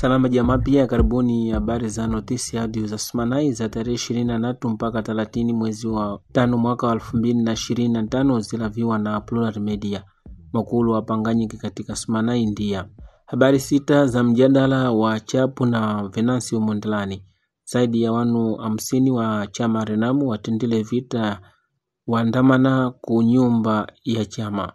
Salama jamaa, pia karibuni habari za notisi hadi za sumanai za tarehe ishirini na tatu mpaka thelathini mwezi wa tano mwaka wa elfu mbili na ishirini na tano zilaviwa na Plural Media. Makulu wapanganyiki katika sumanai ndia habari sita za mjadala wa chapu na Venansi Mondlani. Zaidi ya wanu hamsini wa chama Renamu watendile vita waandamana kunyumba ya chama.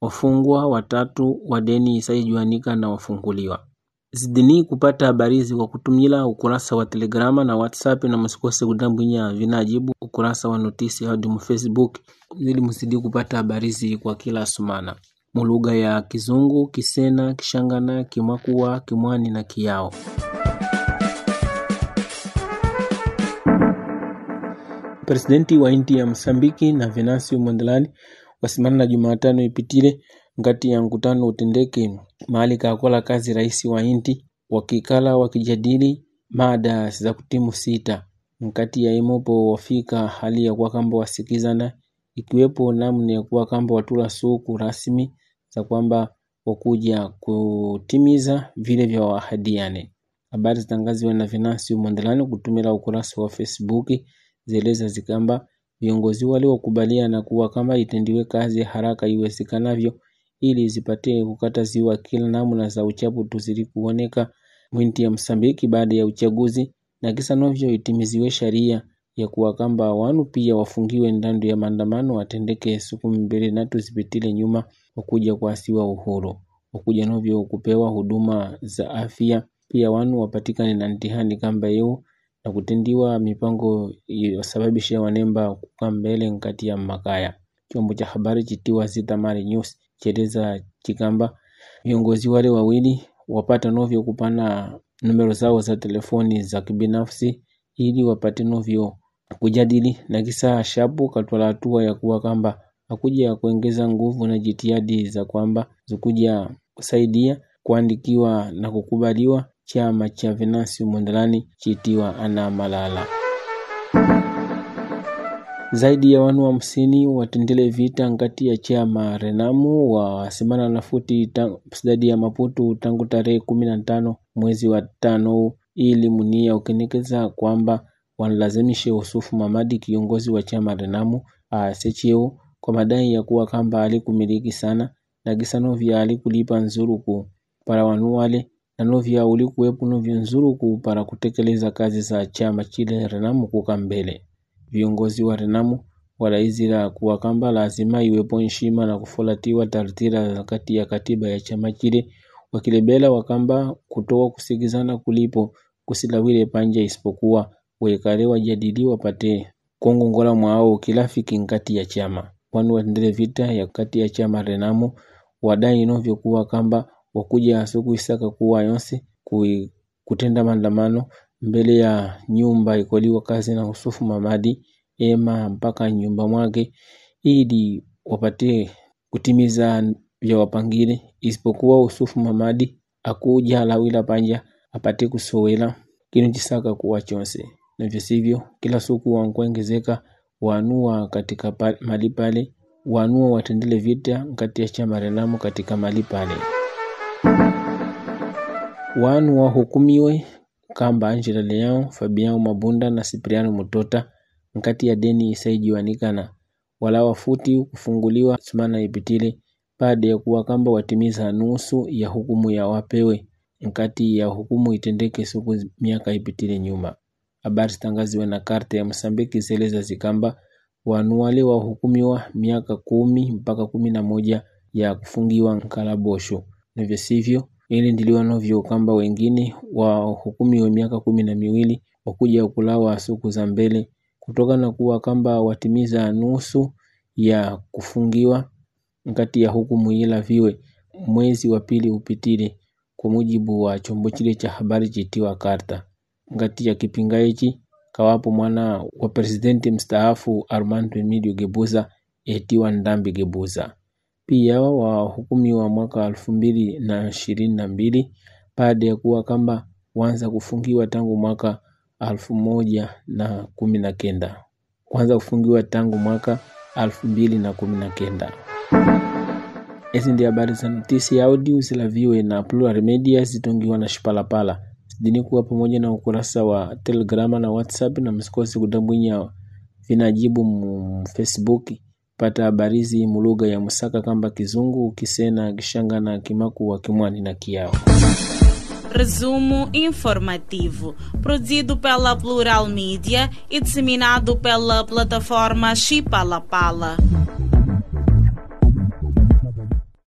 Wafungwa watatu wa deni saijuanika na wafunguliwa Zidini kupata habari hizi kwa kutumila ukurasa wa Telegrama na WhatsApp na msikose kudambwinya vinajibu ukurasa wa notisi mu Facebook ili mzidi kupata habari hizi kwa kila sumana mulugha ya Kizungu, Kisena, Kishangana, Kimakua, Kimwani na Kiyao. Presidenti wa inti ya Msambiki na Venancio Mondlane wasimana na Jumatano ipitile Ngati ya mkutano utendeke mahali kakola kazi rais wa inti, wakikala wakijadili mada za kutimu sita mkati ya imopo wafika hali ya kuwa kamba wasikizana, ikiwepo namna ya kuwa kamba watula suku rasmi za kwamba wakuja kutimiza vile vya wahadiane. Habari zitangaziwa na Venancio Mondlane kutumira ukurasa wa Facebook zieleza zikamba viongozi wale waliokubaliana kuwa kama itendiwe kazi haraka iwezekanavyo ili zipatie kukata ziwa kila namna za uchafu tuzilikuoneka mwinti ya Msambiki baada ya uchaguzi na kisa novyo itimiziwe sharia ya kuwakamba wanu pia wafungiwe ndando ya maandamano watendeke siku mbili na tuzipitile nyuma wakuja kuasiwa uhuru wakuja novyo kupewa huduma za afya pia wanu wapatikane na ntihani kamba yeu na kutendiwa mipango yosababisha wanemba kukaa mbele nkati ya makaya chombo cha habari chitiwa Zitamari News Teresa Chikamba. Viongozi wale wawili wapata novyo kupana numero zao za telefoni za kibinafsi ili wapate novyo kujadili na kisa shapu katwala hatua ya kuwa kamba akuja kuongeza nguvu na jitihadi za kwamba zikuja kusaidia kuandikiwa na kukubaliwa chama cha Venansi Mondlani chitiwa ana Malala. Zaidi ya wanu hamsini watendele vita nkati ya Chama Renamu wa Semana na Futi sidadi ya Maputu tangu tarehe kumi na tano mwezi wa tano ili munia ukenekeza kwamba wanlazimishe usufu Mamadi kiongozi wa Chama Renamu asecheo kwa madai ya kuwa kamba alikumiliki sana na gisa novya alikulipa nzuruku para wanu wale na novya ulikuwepo novyo nzuruku para kutekeleza kazi za chama chile Renamu kuka mbele viongozi wa Renamu walaizi la kamba lazima iwepo nshima na kufolatiwa tartira kati ya katiba ya chama chile wakilebela wakamba kutoa kusigizana kulipo kusilawile panja isipokuwa wekale wajadiliwa pate kongongola mwao ukilafiki nkati ya chama kwani watendele vita ya kati ya chama Renamu wadai inovyo kuwa kamba wakuja asuku isaka kuwa yonse kutenda maandamano mbele ya nyumba ikoliwa kazi na Usufu Mamadi ema mpaka nyumba mwake ili wapate kutimiza vyawapangile, isipokuwa Usufu Mamadi akuja lawila panja apate kusowela kinu chisaka kuwa chonse, navyo sivyo kila suku wankuengezeka wanua katika mali pale wanua watendele vita nkati ya chama katika mali pale wanua hukumiwe Makamba, Angela Leão, Fabian Mabunda na Cipriano Mutota. Nkati ya Deni isaijiwanikana Jiwanika na kufunguliwa Sumana Ipitile baada ya kuwa kamba watimiza nusu ya hukumu ya wapewe nkati ya hukumu itendeke siku miaka ipitile nyuma. Habari zitangaziwe na karte ya Msambiki zeleza zikamba wanuwale wahukumiwa miaka kumi mpaka kumi na moja ya kufungiwa nkalabosho, nivyo sivyo Hili ndilio wanovyo kamba wengine wa miaka kumi na miwili wakuja kulawa siku za mbele, na kuwa kamba watimiza nusu ya kufungiwa nkati ya hukumu viwe mwezi wa pili upitile, kwa mujibu wa chombo chile cha habari chitiwa Karta. Nkati ya kipinga hichi kawapo mwana wa presidenti mstaafu Armand Remilio Gebuza etiwa Ndambi Gebuza pia wahukumiwa mwaka elfu mbili na ishirini na mbili baada ya kuwa kamba wanza kufungiwa tangu mwaka alfu moja na kumi na kenda kwanza kufungiwa tangu mwaka alfu mbili na kumi na kenda. Hizi ndio habari za Notisi Audio zilaviwe na Plural Media zitongiwa na Shipalapala. Zidini kuwa pamoja na ukurasa wa Telegrama na WhatsApp na msikosi kutambwinya vinajibu mu Facebook pata habarizi mu lugha ya Musaka kamba Kizungu Kisena Kishangana Kimakua Kimwani na Kiao Resumo informativo, produzido pela Plural media e disseminado pela plataforma Chipalapala. Pala.